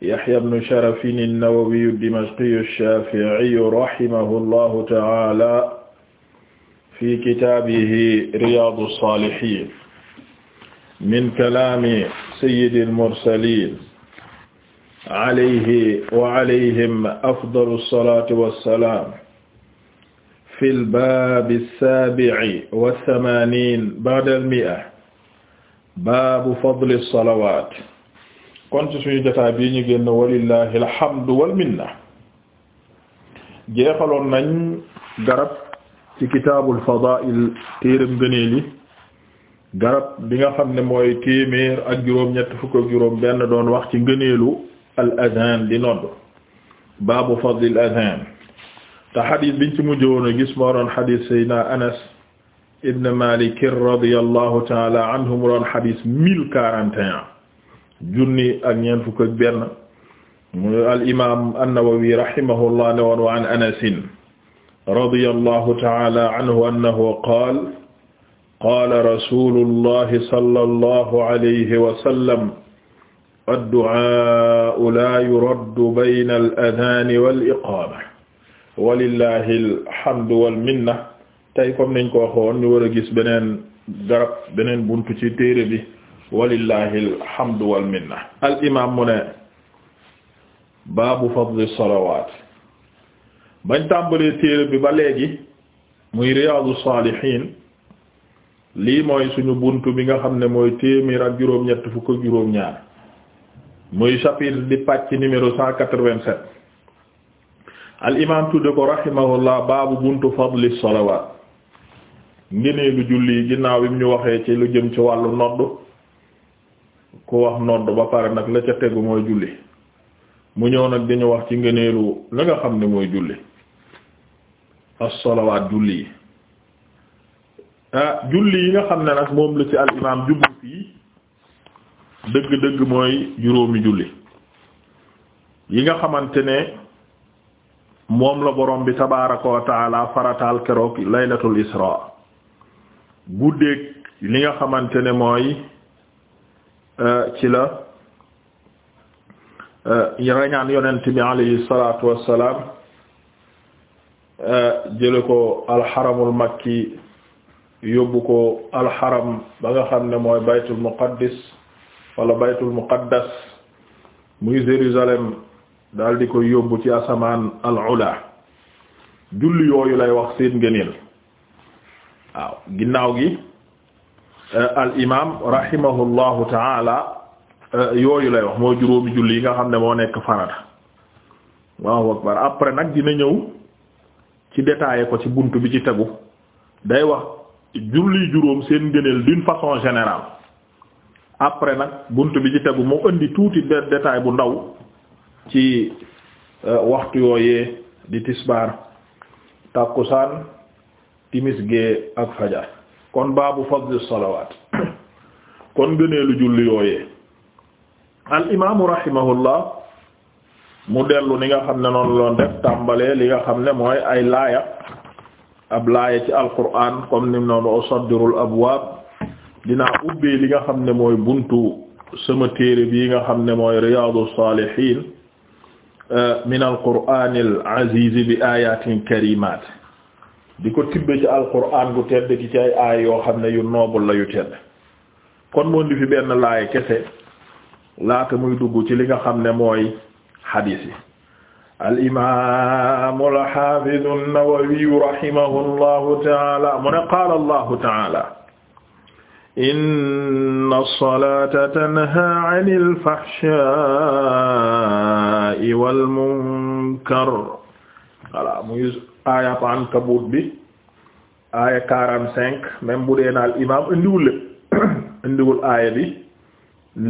Yahya ibn Sharafin an-Nawawi ad-Dimashqi ash-Shafi'i rahimahu llahu ta'ala fi kitaabihi Riyaadu as-Saalihiin min kalaami sayyidi al-mursaliin alayhi wa alayhim afdalu as-salaatu was-salaam fi al-baabi as-saabi'i wa ath-thamaaniin ba'da al-mi'a baabu fadli as-salawaat kon suñu jotaay bii ñu génn walillahi alhamdu wal minna jeexaloon nañ garab ci kitaabul fadaa'il téeram ngëneel garab bi nga xam ne mooy téeméer ak juróom ñett fukk ak juróom benn doon wax ci ngëneelu al adhan di nodd baabu fadlil adhan te xadis biñ ci mujjoon a gis moo doon anas ibn malik radiyallahu ta'ala anhu mu doon xadis mille junni ak ñeent fukk ak benn mu al imaam an-Nawawi rahimahullah ne woon wa an Anas radiyallahu ta'ala anhu annahu qaala qaala rasuulullahi sallallahu alayhi wa sallam ad-du'aa'u laa yuraddu bayna al-adhaani wal-iqaama walillahi alhamdu wal-minna tey comme niñ ko waxoon ñu war a gis beneen garab beneen buntu ci téere bi walillahi al imaam mu ne baabu fadli salawaat bañ tàmbalee téere bi ba léegi muy riyaadu saalihiin lii mooy suñu buntu bi nga xam ne mooy téeméer ak juróom-ñett fukk ak juróom-ñaar muy chapitre di pàcc numéro cent quatre-vingt-sept al imaam tudde ko rahimahullah baabu buntu fadli salawaat ngëneelu julli ginnaaw bi mu ñu waxee ci lu jëm ci wàllu noddu ku wax nodd ba pare nag la ca tegu mooy julli mu ñëw nag dañu wax ci ngëneelu la nga xam ne mooy julli as-salawaat julli yi ah, julli yi nga xam ne nag moom la ci al imaam jublu fii mooy juróomi julli yi nga xamante ne moom la borom bi tabaaraka wa taala farataal keroog laylatul isra guddeeg li nga xamante ne mooy Euh, ci la rañaan euh, yonent bi alayhi salaatu wassalaam euh, jële ko alxaramul makki yóbbu ko alxaram ba nga xam ne mooy baytul muqaddis wala baytul muqaddas muy Jérusalem daal di koy yóbbu ci asamaan al ula julli yooyu lay wax seen ngëneel waaw ginnaaw gi Euh, al imaam rahimahullahu taala euh, yooyu lay wax moo juróomi julli yi nga xam ne moo nekk farata waaw akbar après nag dina ñëw ci détaillé ko ci bunt bi ci tegu day wax julli juróom seen gëneel d'une façon général après nag bunt bi ci tegu moo indi tuuti détail bu ndaw ci euh, waxtu yooyee di tisbaar tàkkusaan timis gee ak fajar kon baabu fadli salawaat kon gëneelu julli yooyee al imaamu mu dellu ni nga xam ne noonu loon def tàmbalee li nga xam ne mooy ay laaya ab laaya ci alquran comme ni noonu usaddirul abwaab dinaa ubbee li nga xam ne mooy buntu sama téere bii nga xam ne mooy riyaadus saalihiin eh, min alquraanil aziiz bi aayatin karimaat di ko tibbe ci alquran gu tedd gi ci ay aay yoo xam ne yu noobul la yu tedd kon moon di fi benn laay kese laata muy dugg ci li nga xam ne mooy xadiis yi al imaamu al xaafidu an-Nawawi rahimahu llahu taala mu ne qaala allahu taala inna as-salaata tanhaa anil fahshaa'i wal munkar voilà muy aayatu Ankabut bi aaya quarante cinq même bu dee naal imaam indiwul lépp indiwul aaya bi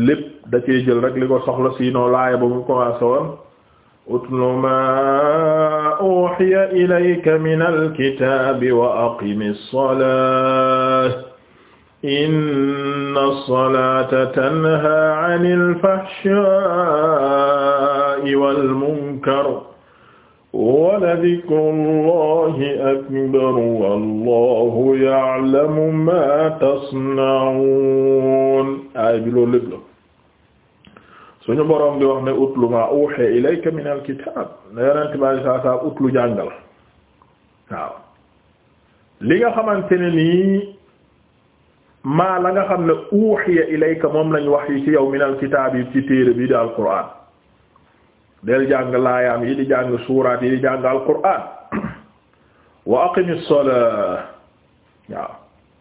lépp da cee jël rek li ko soxla sinon laaya ba mu commencé woon utlu ma uhiya ilayka min alkitabi wa aqimi ssalah inna ssalata tanha anil fahsha'i wal munkar ولذكر الله أكبر والله يعلم ما تصنعون aay bi loolu lépp la suñu boroom di wax ne utlu maa uuhiya ilayka min alkitaab ne yonent bi saa saa utlu jàngal waaw li nga xamante ne nii maa la nga xam ne uuhiya ilayka moom lañ wax yi ci yow min alkitaab yi ci téere bi di alquraan del jàng laayaam yi di jàng suuraat yi di jàng alquraan wa aqimi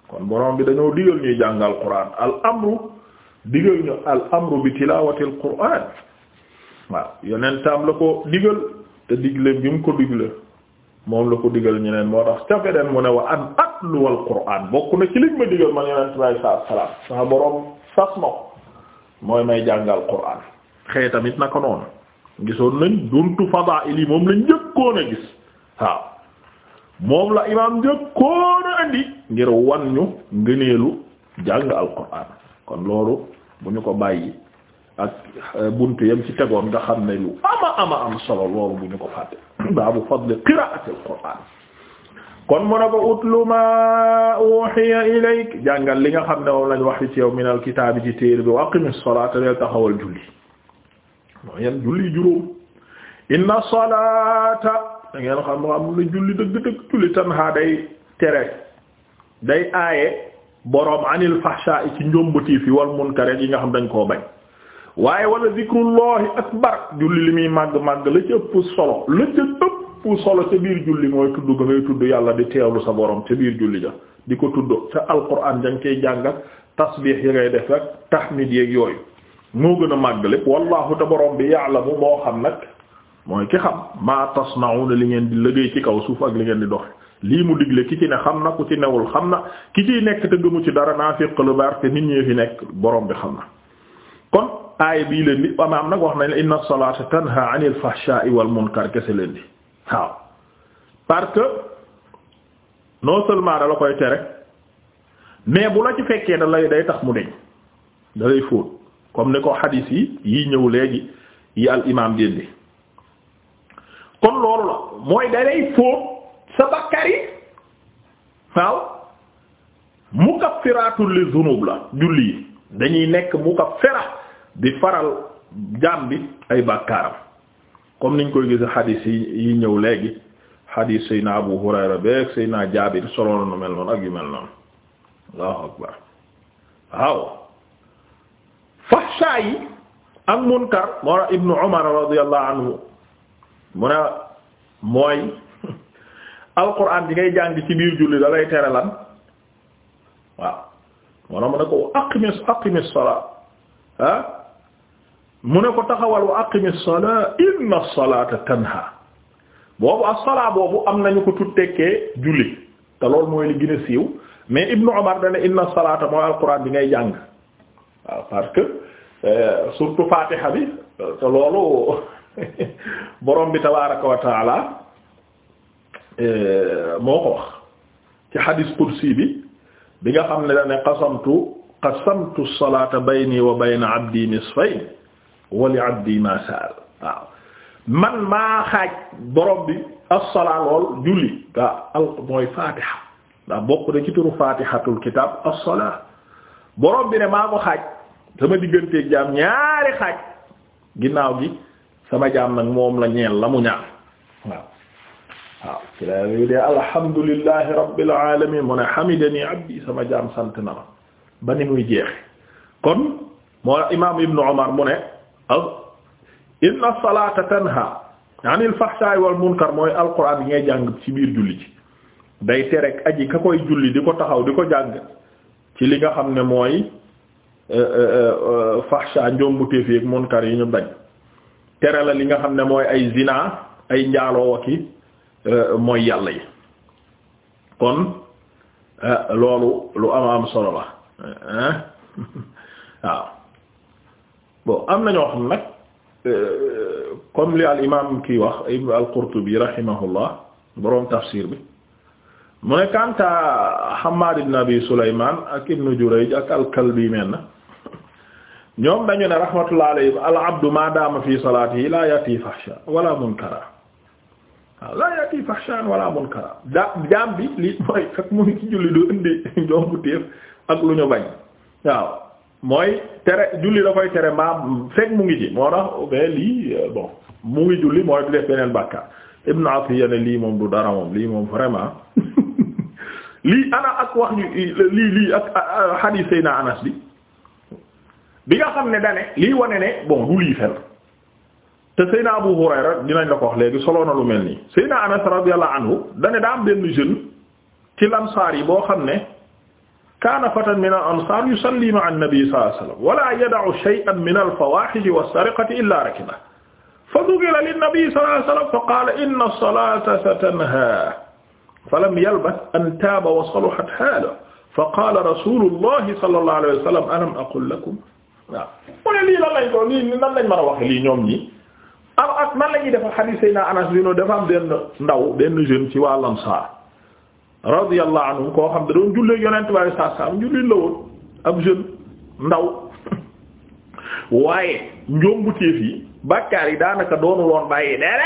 kon borom bi dañoo digal ñuy jàng alquraan al amru digal ñu al amru bi tilaawati alquraan waaw yonentam la ko digal te digle bi mu ko digle moom la ko digal ñeneen moo tax ca feneen mu ne wa an atlu alquraan bokk na ci ma digal man yonent bi sallallahu alayhi wasallam borom sas ma ko mooy may jàng alquraan xëy tamit naka noonu gisoon nañ duntu fadaa'il yi moom la njëkkoon a gis waaw moom la imaam njëkkoon a indi ngir wan ñu ngëneelu jàng alquraan kon loolu bu ñu ko bàyyi ak euh, bunt yam ci tegoon nga xam ne lu ama ama am solo loolu bu ñu ko fàtte baabu fadli qiraa'ati alquraan kon mu ne ko utlu ma uhiya ilayk jàngal li nga xam ne moom lañ wax ci yow minal kitaabi ci téere bi wa aqimis salaata taxawal julli moo yeen julli juróom inna salaata da ngeen xam xam ne julli dëgg dëgg julli tanha day tere day aaye boroom anil fahsha ci njombati fi wal munkar yi nga xam dañ koo bañ waaye wala zikrullahi akbar julli li muy màgg màgg la ci ëpp solo la ci solo ca biir julli mooy tudd nga ngay tudd yàlla di teewlu sa boroom ca biir julli ja di ko tudd ca alquran dañ koy jàngat tasbih yi ngay def ak tahmid yeeg yooyu moo gën a màgg lépp wallahu te borom bi ya'lamu moo xam nag mooy ki xam maa tasna'una li ngeen di liggéey ci kaw suuf ak li ngeen di doxe lii mu digle ki ci ne xam na ku ci newul xam na ki ciy nekk te gëmu ci dara naafiq lu bar te nit ñi fi nekk borom bi xam na kon aay bii leen di amaam nag wax nañ la inna salata tanha 'anil fahsha'i wal munkar kese leen di waaw parce que non seulement da la koy tere mais bu la ci fekkee da lay day tax mu deñ da comme ni ko xadiis yi yi ñëw léegi yi al imaam génne kon loolu la mooy dalay fóot sa bakkar yi waaw mukaffiraatu li zunub la julli yi dañuy nekk mukaffira di faral jaam bi ay bàkkaaram comme niñ koy gis xadiis yi yi ñëw léegi xadiis sayna Abu Hurayra beeg sayna Jaabir solo na mel noonu ak yu mel noonu Allahu waaw fahsha yi ak munkar moo tax ibnu umar radiyallahu anhu mu ne mooy alquran bi ngay jàng ci biir julli da lay tere lan waaw moo tax mu ne ko aqimis aqimis salaa ah, mu ne ko taxawal wa aqimis salaa inna salata tanha boobu ak salaa boobu am nañu ko tuttekkee julli te loolu mooy li gën a siiw mais ibnu umar dana inna salata mooy alquran bi ngay jàng waaw parce que Eh, surtout fatiha bi te loolu borom bi tabaraka wa eh, moo ko wax ci hadith qudsi bi bi nga xam ne da ne qasamtu qasamtu as-salata bayni wa bayna abdi nisfayn wa li abdi ma sa'al man maa xaaj borom bi as-salaa lool julli wa mooy fatiha ndax bokk na ci turu fatihatul kitab as-salaa borom bi ne maa ko xaaj sama digganteeg jaam ñaari xaaj ginnaaw gi sama jaam nag moom la ñeel la mu ñaar waaw waaw ci la yu dee alhamdulillahi rabbil alamin mu ne hamidani abdi sama jaam sant na ma ba ni muy jeexe kon moo imam ibnu umar mu ne inna as-salata tanha 'anil fahsha'i wal munkar mooy alquran yi ngay jàng ci biir julli ci day terek aji ka koy julli di ko taxaw di ko jàng ci li nga xam ne mooy Euh, euh, euh, fahsha njombuteef yeeg munkar yi ñu bañ tere la li nga xam ne mooy ay zina ay njaaloo wa mooy yàlla yi kon loolu lu am am solo la waaw bon am na ñoo xam nag comme li al imaam kii wax al qurtubi rahimahullah boroom tafsir bi mu ne kanta Hammaad ibn Abi Sulaymaan ak ibnu Jurayj ak al kalbi men na ñoom dañu ne rahmatullah alayhi al abdu ma dama fi salaatihi la yati fahsha wala munkara waaw la yati fahshan wala munkara da jaam bi li mooy fekk mu ngi ci julli du indi jombu téef ak lu ñu bañ waaw mooy tere julli da koy tere maam fekk mu ngi ci moo tax mais lii bon mu ngi julli mooy def beneen bàkkaar Ibn Athiya ne lii moom du dara moom lii moom vraiment lii ana ak wax ñu lii lii ak xadiis Seyna Anas bi bi nga xam ne dane lii wane ne bon du lii fen te Seyna Abu Hurayra dinañ la ko wax léegi solo na lu mel nii Seyna Anas radiyallahu anhu dane daa am benn jeune ci lansaar yi boo xam ne kaana fatan min al ansar yusalli ma'a an-nabi sallallahu alayhi wasallam wala yada'u shay'an min al-fawahish was-sariqati illa rakibahu fa dhukira lin-nabi sallallahu alayhi wasallam fa qala inna as-salata satanha falam yalbath an taaba wa salahat haluhu fa qala rasulullahi sallallahu alayhi wasallam alam aqul lakum waaw mu ne lii lan lañ ko lii a waxe lii ñoom ñi am ak nan la defal xadiis Seydina Anas bi noonu dafa am benn ndaw benn jeune ci waa Ansaar radiyallahu anhu koo xam da doon jullee yonent bi saa saa am julli la woon ab jeune ndaw waaye njombuteef yi bàkkaar yi daanaka doonul woon bàyyi dee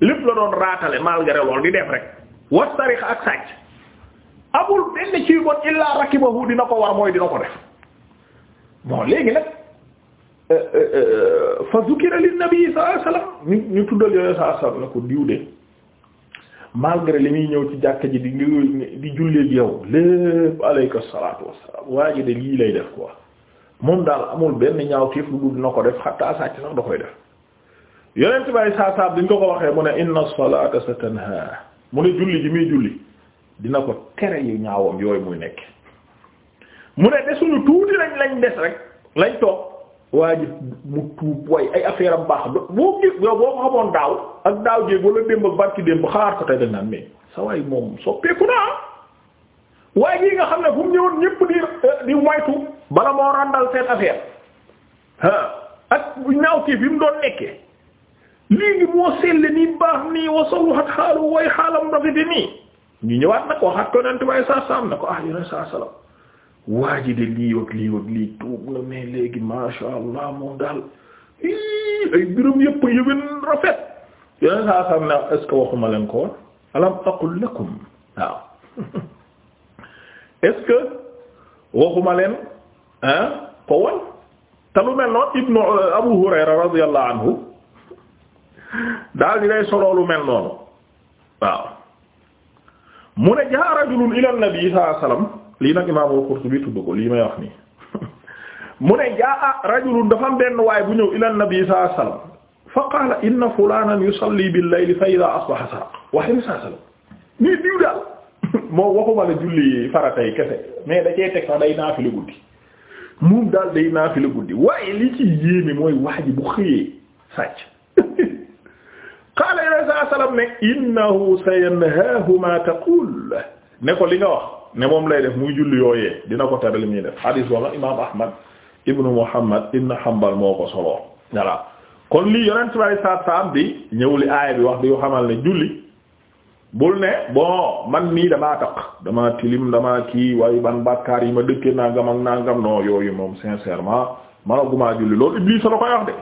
lépp la doon raatale malgré lool di def rek was tarix ak sàcc amul benn ci illaa rakibahu dina ko war mooy dina ko def bon léegi nag euh, euh, euh, fa zukira nabi sallallahu ñu ñu tuddal yooyu sallallahu alayhi na ko diw de malgré li muy ñëw ci jàkka ji di di julleeg yow lépp alayka salaatu wassalaam waa ji de lii lay def quoi moom daal amul benn ñaaw tiif lu dul na ko def xattaa sàcc sax da koy def yonent bay saasaab bi ñu ko ko waxee mu ne inna salaata satanha mu ne julli ji muy julli dina ko tere yu ñaawam yooyu muy nekk mu ne desuñu tuuti lañ lañ des rek lañ toog waa ji mu tuub way ay affaire am baax boo gis boo ko xamoon daaw ak daaw jéeg wala démb ak barki démb xaar ko tey dañ naan mais sa waay moom soppeeku naa ah. waaye jii nga xam ne fu mu ñëwoon ñépp di euh, di moytu bala moo ràndal seen affaire ah ak ñaaw kii bi mu doon nekkee léegi moo seetlu ni baax nii wasawu xat xaalu way xaalam rafet nii ñu ñëwaat nag waxaat ko naan tubaab yi saa saa am na ko ah yeneen sa salaam. waa ji de lii ak lii ak lii tuub la mais léegi masha allah moom daal ii ay biram yëpp yëwén rafet yeneen saa sam ne est ce que waxuma leen ko alam aqul lakum waaw est ce que waxuma leen ah ko won te lu mel noonu ibnu euh, abu hurayra radiyallahu anhu daal di lay solo lu mel noonu waaw mu ne jaa rajulun ila nabi sallallahu alayhi wasallam lii nag imaamul Qurtubi tudd ko lii may mu ne jaa rajulun dafa am waay bu ñëw ila nabi sallallahu fa qaala inna fulanan yusalli bil layli fa moo waxuma la julli faratay kese mais da cee teg sax day guddi moom daal day naafila guddi waaye li ci yéeme mooy wax ji bu xëyee sàcc qaala ila sallallahu alayhi wasallam ma taqul ne ko li nga wax ne moom lay def muy julli yooyee dina ko tere li muy def hadis wala imam ahmad ibnu muhammad ibn hanbal moo ko soloo voilà kon lii yonent bi alei saatu salaam di ñëw aaya bi wax di ko xamal ne julli bul ne bon man nii damaa taq damaa tilim damaa kii waaye ban bàkkaar yi ma dëkkee nangam ak nangam non yooyu moom sincèrement managumaa julli loolu Iblis la koy wax de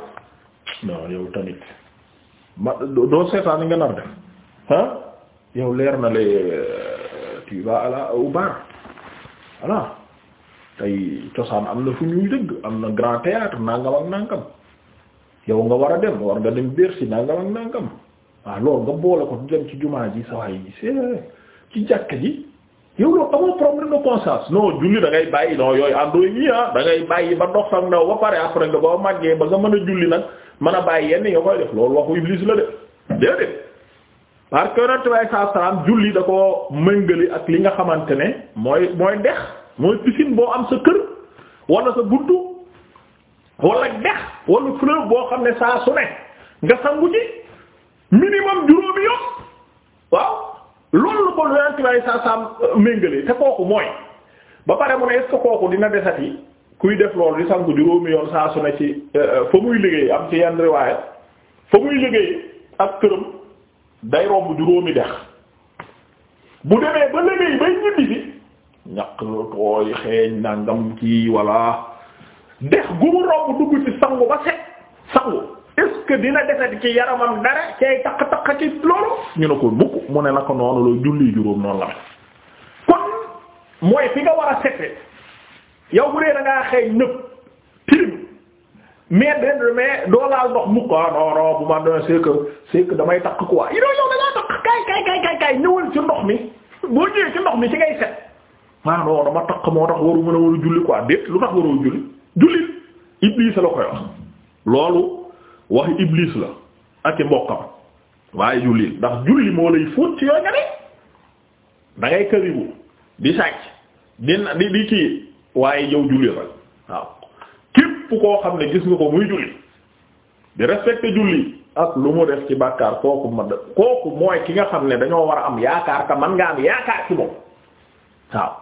non tamit doo seetaan nga nar def ah yow leer na le euh, tu vas à la au tey cosaan am na fu ñuy dëgg am na grand théâtre nangam ak nangam yow nga war a dem war nga dem Bercy nangam ak nangam waaw loolu nga boole ko dem ci jumaa ji sawaay yi c'est ci jàkka ji yow loolu amoo problème de conscience non julli da ngay bàyyi non yooyu àndooy ñi ah da bàyyi ba dox sax ndaw ba pare après nga ba màggee ba nga mën a julli nag mën a bàyyi yenn yoo koy def loolu waxu iblis la de déedéet parce que yonent bi saa salaam julli da ko méngale ak li nga xamante ne mooy mooy dex mooy piscine boo am sa kër wala sa buntu wala dex wala fleuve boo xam ne saa su ne nga sangu ci minimum juróomi yoon waaw loolu ko yonent bi saa salaam euh, méngale te kooku mooy ba pare mu ne est-ce kooku dina desati kuy def loolu di sangu juróomi yoon saa su ne ci euh, euh, fa muy liggéey am ci yenn riwaaya fa muy liggéey ak këram. day romb juróomi dex bu demee ba léegi bay ñibbi si ñaq tooy xeeñ nangam kii walla dex gu mu dugg ci sangu ba set sangu est dina defet ci yaramam dara cay taq-taq ci loolu ñu ne ko mukk mu ne naka noonu la julli juróom noonu la mel kon mooy fi nga war a sete yow bu dee da xeeñ nëpp mais de mais doo laal ndox mu ah bu ma doon c'est que damay takk quoi yow yow da takk kay kay kay kay ñëwal ci ndox mi boo ñëwee ci ndox mi ci ngay set ah non dama takk moo tax waru mën a war a julli quoi déet lu tax waroo julli julli Iblis la koy wax loolu wax Iblis la ak i mbokkam waaye julli ndax julli moo lay fóot ci yooyu nga ne da ngay di sàcc di di di waaye yow julli la waaw. képp koo xam ne gis nga ko muy julli di respecté julli ak lu mu def ci bàkkaar kooku man kooku mooy ki nga xam ne dañoo war a am yaakaar te man nga am yaakaar ci moom waaw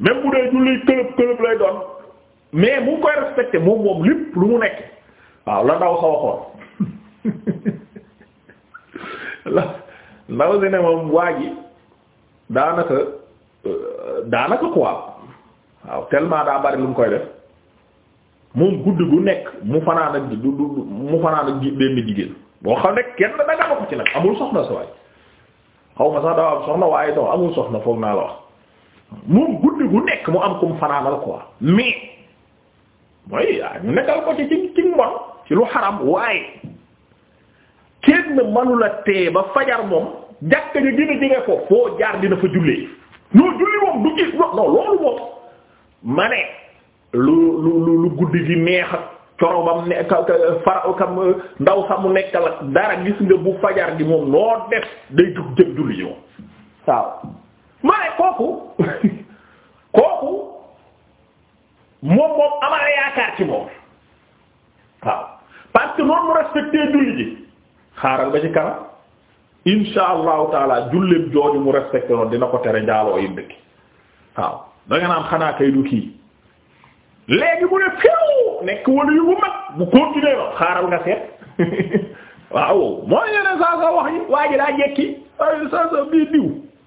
même bu dee julli këlëb këlëb lay doon mais mu koy respecté moom moom lépp lu mu nekk waaw la ndaw sa waxoon la ndaw si ne moom waa ji daanaka euh, daanaka quoi waaw tellement daa bari lu mu koy def moom guddi gu nekk mu fanaan ak du du mu fanaan ak jigéen boo xam ne kenn dagana ko ci nag amul soxna sa xaw ma sax daa am soxna waaye doo amul soxna foog naa la wax moom guddi gu nekk mu am ko mu fanaanal quoi mais mooy ah, ñu nekkal ko ci ci ci ci lu xaram waaye kenn manula tee ba fajar moom jàkk ja gën a jege ko foo jaar dina fa jullee ñoo julli moom du gis non loolu moom ma ne lu lu lu guddi gi neex ak corobam ne ka fara ka ndaw samu nekkal ak dara gis nga bu fajar gi moom noo def day tug jëg julli yoon waaw ma kooku kooku moom moom amala yaakaar ci moom waaw parce noonu mu respecté julli ji xaaral ba ci kanam insha allahu taala julleem jooju mu respecté noonu dina ko tere njaaloo yi ndëkki waaw da nga xanaa kay du kii léegi mu ne fiw nekk wala yu bu mag bu continuer la xaaral nga seet mooy yeneen saa wax yi waa ji jekki ay saa bii diw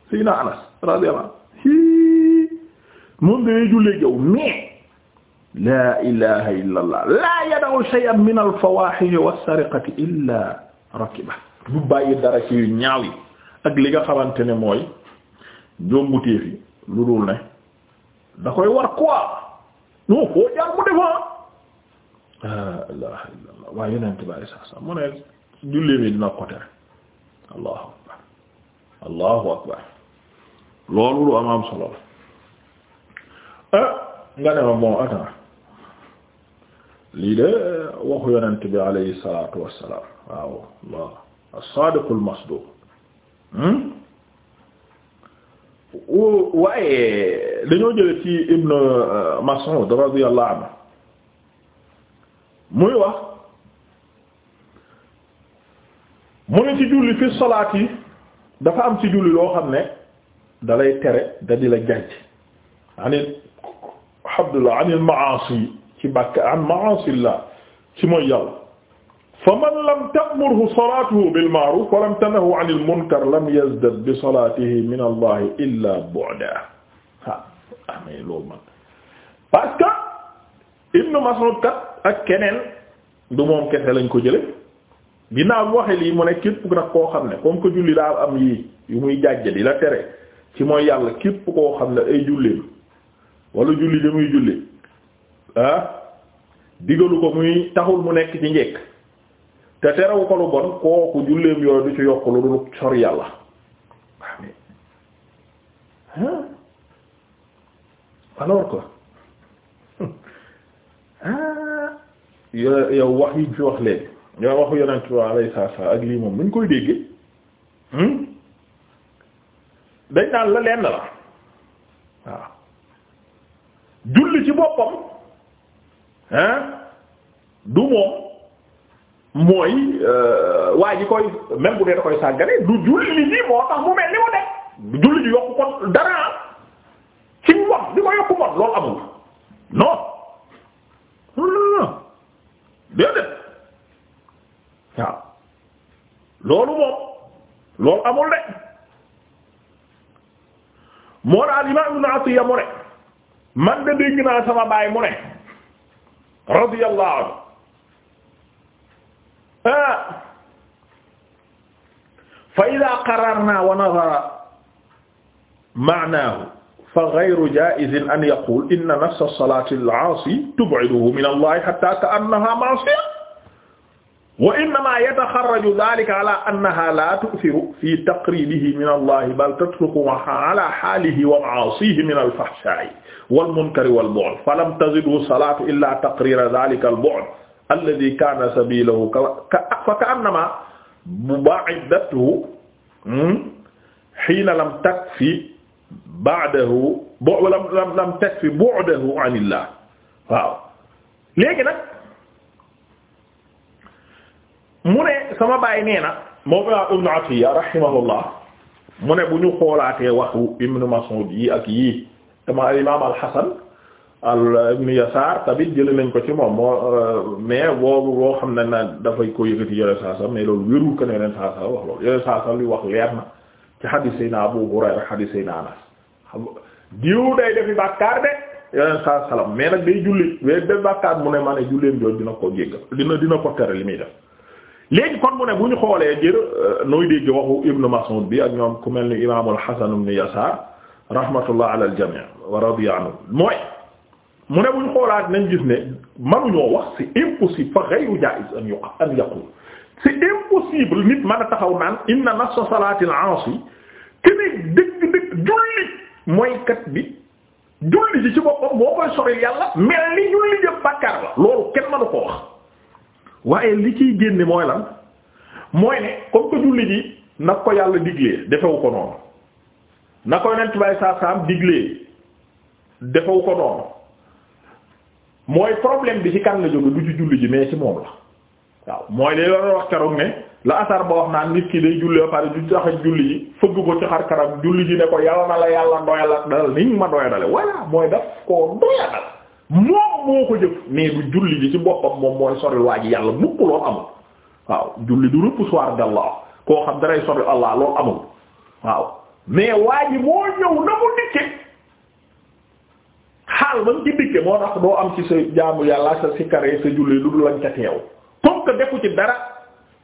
siy na anas radiyallahu hii moom danay jullee jaw mais la ilaha illa allah laa yada'u shay'an min al fawahish was illa rakiba du bàyyi dara ci yu ñaaw ak li nga xamante ne mooy jombutéef yi lu dul ne war quoi non koo jaar mu defaa laa ilaaha illallaah waaye yonent baay sax sax mu ne jullee bi dina ko tere allahu akbar allahu akbar loolu lu am am solo la eh, nga ne ma bon attends lii de waxu yonent bi alayhi salaatu wassalaam waaw allah as-saadiqul masduuq hmm? waaye dañoo jële ci Ibn euh, Mas'ud radiyallahu anhu muy wax mu ne ci julli fi salaat yi dafa am ci julli loo xam ne dalay tere da jàjj anil Abdullah anil maasi ci bàkk an maasi ci mooy yàlla fa man lam ta'murhu salaatuhu bil ma'ruuf wa bi salaatihi min Allah ah, loolu man parce Ibn Mas'ud ak keneen du moom kese lañ ko jële ginnaaw bi waxe lii mu ne képp nag koo xam ne comme que julli daal am yii yu muy jàjj di la tere ci mooy yàlla képp koo xam ne ay julleem wala julli da julli ah, digalu ko muy taxul mu nekk ci njekk te terewu ko lu bon kooku julleem yooyu du ci yokk lu dul sori yàlla alors que yo- yow wax yi ñu fi wax léegi yow waxu yonent bi alayhi salaam ak lii moom nuñ koy déggee hmm? dañ naan la lenn julli ci boppam hein du moom mooy euh, waa ji koy même bu dee da koy sàggane du julli ji moo tax mu mel ni mu def du julli ji yokku ci mbon di ko yokku mbon loolu amul non non loolu moom loolu amul de moo daal imaam Ibn Atiyya mu ne man de dégg naa sama baay mu ne radiyallahu anhu Ah. fa idaa qararnaa wa nadara maanaahu fa ghayru jaa'izin an yaqul inna nafsa salaati al-aasi tub'iduhu min allahi hatta ka'annahaa ma'siya wa innamaa yataxarraju dhaalika alaa annahaa laa tu'thiru fii taqriibihi min allahi bal tatruku alaa haalihi wa ma'aasihi min al-fahshaa'i wal munkari wal bu'd falam tazidhu salaatu illaa taqriira dhaalika al-bu'd alladi kaana sabilahu fa ka annama ba'idatu hmm, hiina lam takfi ba'dahu lam lam takfi bu'dahu anillah waaw léegi nag mu ne sama baay nee na moom Ibnu Atiyya rahimahullah mu ne bu ñu xoolaatee waxu Ibnu Mas'ud yi ak yii dama imaam al-Hasan al ibn Yasaar tamit jëlee nañ ko ci moom moo euh, mais boobu boo xam ne na dafay ko yëkkati yore saa saa mais loolu wérul que ne yeneen saa saa wax loolu yore saa saa li wax leer na ci xadiis Seydina Abu Hurayra day defi bàkkaar de yore saa saa mais nag day julli day def bàkkaar mu ne ma ne julleem jooju dina ko jéggal dina dina ko tere li muy def. léegi kon mu ne bu ñu xoolee jër euh, nooy dégg waxu Ibn Mas'ud bi ak ñoom ku mel ni imaamul Hasan mu ne buñ xoolaat nañ gis ne mënuñoo wax c'est impossible fa ghayru jaiz an yuqa an yaqul c'est impossible nit mën a taxaw naan inna nassa salaatil aasi kene dëgg-dëgg julli mooykat bi julli ci boppam boo koy soril yàlla mel ni julli jëf bàkkaar la loolu kenn mënu ko wax waaye li ciy génne mooy lan mooy ne comme que julli ji nag ko yàlla diglee defewu ko noonu na koy nent bay diglee defewu ko noonu mooy problème bi ci kan la jóge du ci julli ji mais ci moom la waaw mooy li la wax keroog ne la asar ba wax naa nit ki day julli ba pare du tax julli ji fëgg ko ci xar kanam julli ji ne ko yàlla na la yàlla doyal ak dalal niñ ma doya dale voilà mooy daf koo doya dal moom moo ko jëf mais du julli ji ci boppam moom mooy sori waa yàlla mukk loolu amul waaw julli du repoussoir d'Allah koo xam daray sori Allah loolu amul waaw mais waa ji moo ñëw xaal ba mu ci moo tax doo am ci sa jaamu yàlla sa sikkaree sa julli lu dul lañ ca teew comme que defu ci dara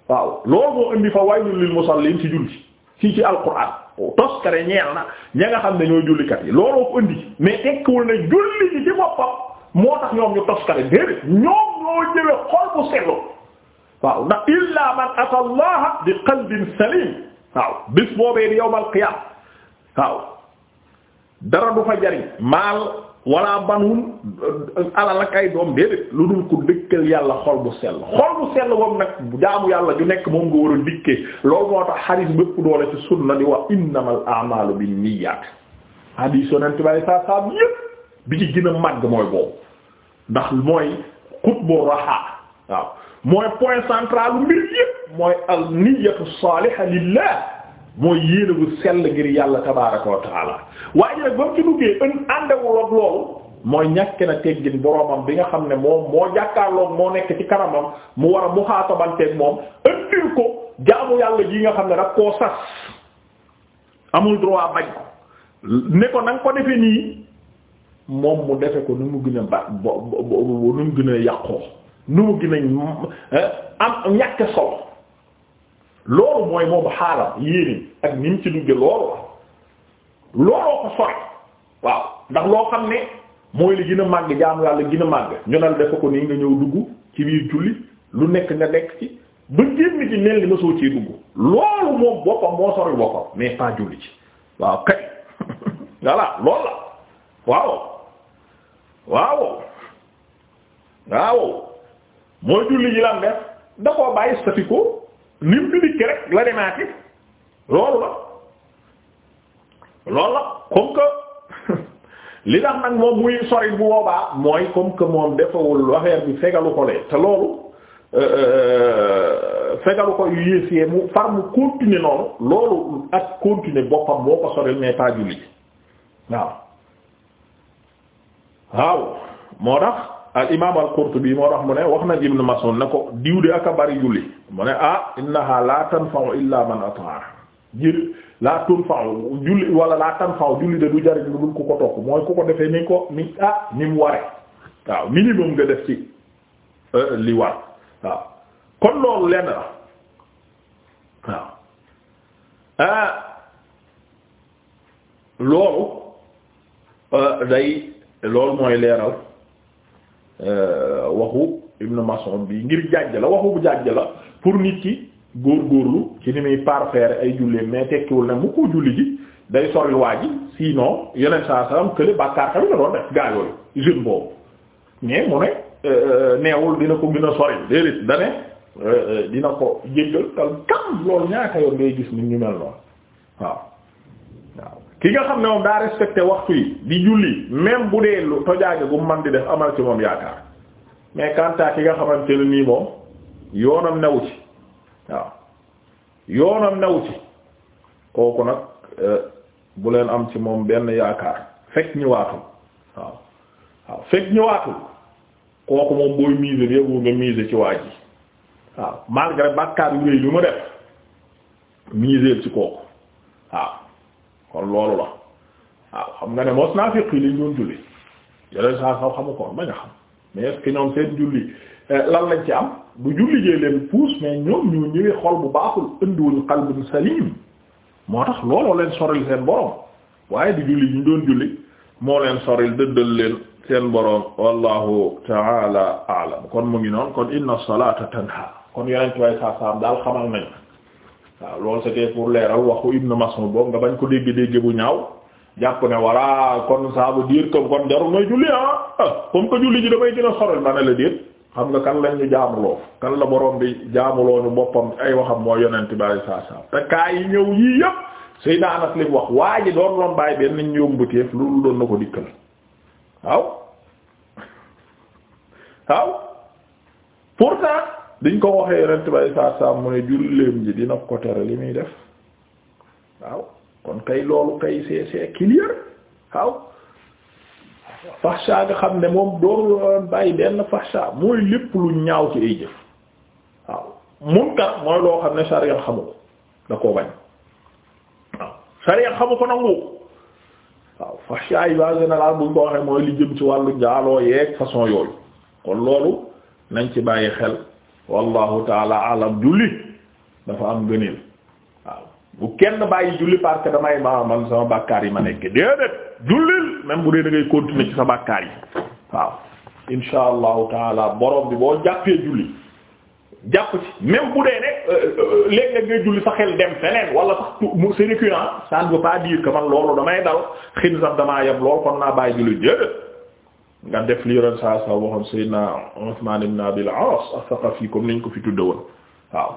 waaw loolu moo indi fa waylul lil musallin ci julli ci ci alquran tos kare ñeel na ña nga xam ne ñoo jullikat yi looloo ko indi mais tekkiwul ne julli ji ci boppam moo tax ñoom ñu tos kare déedéet ñoom ñoo jële xol bu sellu waaw ndax illa man ata allah bi qalbin salim waaw bis boobee di yowmal qiyam waaw dara du fa jariñ maal wala banun euh, alal ak ay doom déedéet lu dul ku dëkkal yàlla xol bu sell xol bu sell moom nag jaamu yàlla ju nekk moom nga war a dikkee loolu moo tax xaris bépp doole ci sunna di wax innamal a'malu binniyat hadis yonent bi saa saam yépp bi ci gën a màgg mooy boobu ndax mooy xutbu raha waaw mooy point central mbir yépp mooy al niyyatu saaliha lillah mooy yéene bu sell ngir yàlla tabaaraka wa taala waaye nag ba mu ci duggee ën àndewul loolu mooy ñàkk na teggin boromam bi nga xam ne moom moo jàkkaarloog moo nekk ci kanamam mu war a muxaatabanteeg moom ëndil ko jaamu yàlla ji nga xam ne daf koo sas amul droit bañ ko ne ko na ko defe nii moom mu defe ko nu mu gën a ba bo nu mu gën a yàqoo nu mu gën a eh, am ñàkk solo loolu mooy moom xaalam yéene ak ni mu ci dugge loolu la looloo ko sori waaw ndax loo xam ne mooy li gën a màgg jaamu yàlla gën a màgg ñu ne def ko nii nga ñëw dugg ci biir julli lu nekk nga nekk ci ba génn ci mel ni ma soo cee dugg loolu moom boppam moo sori boppam mais pas julli ci waaw kay voilà loolu la waaw waaw waaw mooy julli ji lan def da bàyyi statiku lim bi dikk rek la demaati loolu la loolu la comme que li tax nag moom muy sori bu boobaa mooy comme que moom defawul affaire bi fegalu ko lee te loolu euh, euh, fegalu ko yu yéesee mu far mu continuer noonu loolu ak continuer boppam boo ko soril mais pas julli waaw waaw moo tax al imaam al Qurtubi moo tax mu ne wax na Ibn Mas'ud ne ko diw de ak a bari julli mu ne ah innaha la tanfa'u illa man ata'a jël la tanfa'u julli wala la tanfa'u julli de du jariñ lu dul ku ko topp mooy ku ko defee ni ko ni ah ni mu waaw minimum nga def ci euh, li war waaw kon loolu lenn la waaw ah loolu euh, day loolu mooy leeral. Euh, waxu Ibn Mas'ud bi ngir jàjj la waxu bu jàjj la pour nit ki góorgóorlu ci ni muy parfaire ay julleem mais tekkiwul ne mu ko julli ji day soril waa ji sinon yeneen saa salaam kële bàkkaar tamit la doon def gaa yooyu jeune boobu mais mu ne euh, euh, neewul dina ko gën a soril déedéet da ne dina ko jéggal tal kam loolu ñaata yoon ngay gis nit ñu mel noonu waaw waaw ki nga xam ne moom daa respecté waxtu yi di julli même bu dee lu tojaage gu man di def amal ci moom yaakaar mais kanta ki nga xamante ne nii moom yoonam newu ci waaw yoonam newu ci kooku nag euh, bu leen am ci moom benn yaakaar fekk ñëwaatul waaw waaw fekk ñëwaatul kooku moom booy miser yëgu nga miser ci waa ji waaw malgré bàkkaar yu rëy lu mu def miser ci kooku waaw kon loolu la waaw xam nga ne mos naa fekk li ñu doon julli yeneen saa sax xamu ko bañ a xam mais est-ce que ñoom seen julli eh, lan lañ ci am bu julli jee leen puus mais ñoom ñu ñëwee xol bu baaxul indiwuñu qalbun salim moo tax looloo leen soril seen borom waaye di julli ñu doon julli moo leen soril dëddal leen seen borom wallahu ta'ala a'lam kon mu ngi noon kon inna salata tanha kon yeneen ci way saa saam daal xamal nañ. waaw loolu c'était pour leeral waxu Ibn Mas'ud boobu nga bañ ko dégg dégg bu ñaaw jàpp ne voilà kon ça veut dire que kon jarul may julli ah, ah comme que julli ji damay gën a sorel ma la déet xam nga kan lañ ñu la borom bi jaamuloo ñu boppam ay waxam moo yonent bari saa saa te kaa yi ñëw yii yëpp Seydina Anas li wax waa ji doon loon bàyyi benn ñu yombuteef loolu doon na ko dikkal waaw waaw pourtant. diñ ko waxee rent bay saa mu ne julleem ji dina ko tere li muy def waaw kon kay loolu kay c'est c'est clear waaw fahsha nga xam ne moom doorul bàyyi benn fahsha mooy lépp lu ñaaw ci loo xam ne sharia xamu ko da ko nangu waaw fahsha yi ba général buñ ko ci wàllu njaaloo yeeg façon yooyu kon loolu nañ ci bàyyi xel wallahu taala alam julli dafa am gëneel waaw bu kenn bàyyi julli parce damay ma man sama bàkkaar yi ma nekk déedéet jullil même bu dee da continuer ci sa bàkkaar yi waaw insha allahu taala borom bi boo jàppee julli jàpp ci même bu dee ne euh, euh, léegi ngay julli sa xel dem feneen wala sax mu c'est récurrent ça ne veut pas dire man loolu damay dal xin sax damaa yem lool kon naa bàyyi julli déedéet nga def li yoroon saa saa waxoon Seydina Usmaan ibn Abil Aas as-Saqafi comme niñ ko fi tudde woon waaw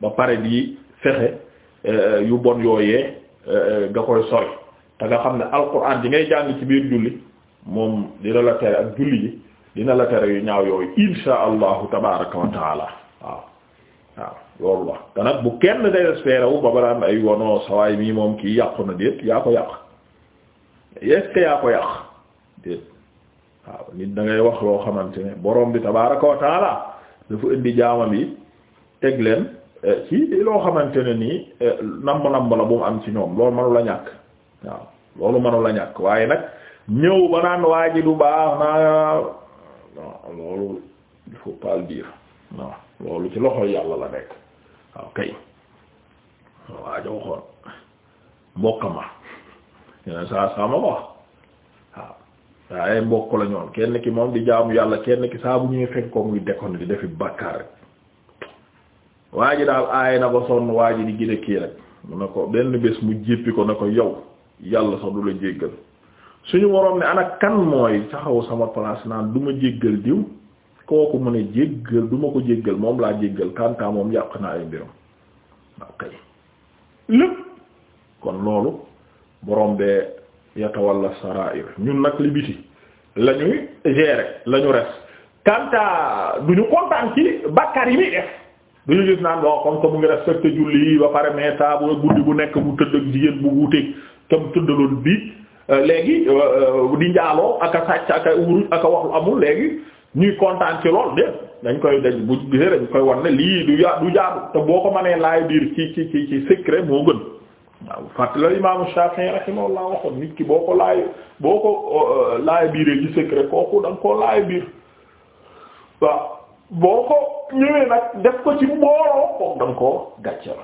ba pare di fexe euh, yu bon yooyee euh, nga koy sori te nga xam ne alquran di ngay jàng ci biir julli moom dina la tere ak julli ji dina la tere yu ñaaw yooyu insha allahu tabaraka wa waaw waaw loolu la te nag bu kenn désespéré wu ba baraan ay wonoo sawaay mii moom kii yàqu na déet yaa ko yàq est-ce yaa ko yàq déet waaw nit dangay wax loo xamante ne borom bi tabaaraka wa taala indi jaamam yi teg leen eh, ci loo xamante ne nii eh, namb namb la bu mu am ci ñoom loolu manu la ñàkk waaw loolu manu ñàkk waaye nag ñëw ba naan waa ji du baax naa loolu il faut pas le dire loolu ci loxo yàlla la nekk waaw kay waaja waxoon mbokka ma saa saa ma wax waaw ay mbokk la kenn ki moom di jaamu yàlla kenn ki saabu bu ñuy fekk ko muy dekkoon di defi bàkkaar rek waa ji daal aay na ba sonn waa ji di gine kii rek mu ne ko benn bés mu jéppi ko ne ko yow yàlla sax du la jéggal suñu waroon ne ana kan mooy taxaw sama place naan du ma jéggal diw kooku mu ne jéggal du ma ko jéggal moom laa jéggal kantaa moom yàq naa ay mbiram waaw kay kon loolu borom bee yatawalla sarair ñun nag li biti la ñuy gérer res kanta du ñu kontaan ci bàkkaar yi muy def du ñu gis naan bo comme que mu ngi respecté julli ba pare mais saa bu guddi bu nekk bu tëdd ak jigéen bu wuuteeg tam tëddaloon bi euh, léegi euh, di njaaloo ak a sàcc ak a wuruj wax lu amul léegi ñuy kontaan ci lool de dañ koy daj bu gisee ñu koy wan ne lii du ya du jaadu boo ko mënee laay biir ci ci ci ci moo gën waaw fàtt la imaamu Shafi'i rahimahullah waxoon nit ki boo ko laay boo ko euh, laay biiree ci secret kooku da nga koo biir waaw boo ko ñëwee nag def ko ci mbooloo kooku da ko koo gàcceel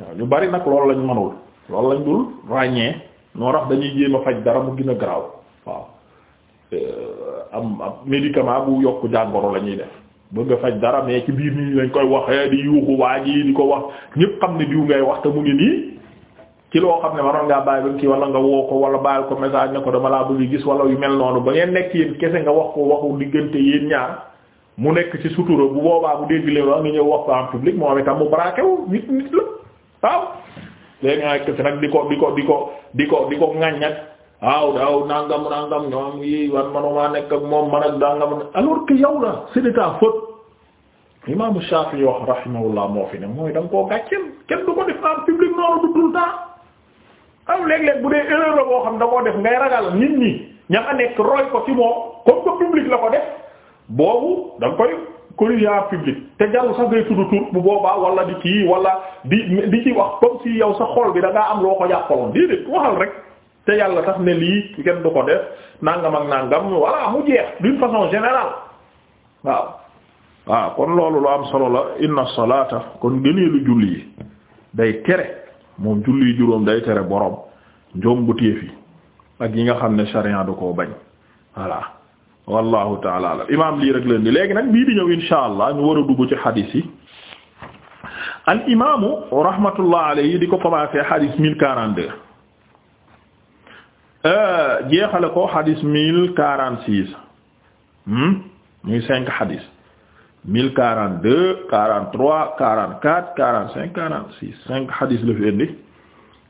waaw ñu bari nag loolu lañ mënul lool lañ dul ràññee noo tax dañuy jéem a faj dara mu gën a waaw euh, am médicament bu yokk jàngoro la ñuy def bëgg a faj dara mais ci biir nit ñi lañ koy waxee eh, di yuuxu waa ji di ko wax ñépp xam ne diw ngay wax te mu ngi nii ci loo xam ne waroon ngaa bàyyi ba kii wala nga woo ko wala bàyyil ko message ne ko dama laa bëgg gis wala yu mel noonu ba ngeen nekk yéen kese nga wax ko waxu diggante mu nekk ci sutura bu boobaa bu dégg leen wax nga ñëw wax ko en public moom mu braqué wu nit nit la waaw. léegi nga di ko di ko di ko di ko di ko ŋaññat waaw daaw nangam nangam ñoom yi wan manuma nekk moom man ak nangam alors que yow la c'est de ta faute. wax rahimahullah moo fi ne mooy da koo gàcceel kenn du ko def en public noonu du tout le am léeg-léeg bu dee erreur la boo xam da koo def ngay ragal nit ñi ña nga nekk roy ko ci moom comme que public la ko def boobu da nga koy corriger en public te jarul sax ngay tudd tur bu boobaa wala di kii wala di di ci wax comme ci yow sa xol bi da ngaa am loo ko yàqaloon déedéet waxal rek te yàlla tax ne lii kenn du ko def nangam ak nangam voilà mu jeex d'une façon générale waaw. waaw kon loolu lu am solo la inna salata kon gëneelu julli yi day tere. moom julli juróom day tere borom njom bu téefi ak yi nga xam ne sharia da koo bañ voilà wallahu taala alam lii rek leen di léegi nag bii di ñëw insha allah ñu war a dugg ci xadiis yi al imaamu rahmatullah alayhi di ko commencé xadiis mille quarante deux euh, jeexale ko xadiis mille quarante six hmm? muy cinq xadiis mille quarante deux quarante trois quarante quatre quarante cinq quarante six cinq xadis la fi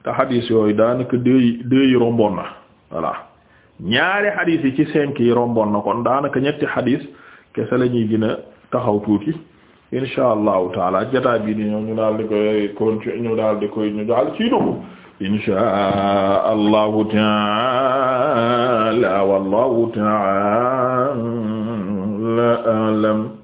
te xadis yooyu daanaka deux yi deux yi romboon na voilà ñaari xadis yi ci cinq yi romboon na kon daanaka ñetti xadis kese la ñuy gën taxaw tuuti insha allahu taala jotaay bii allahu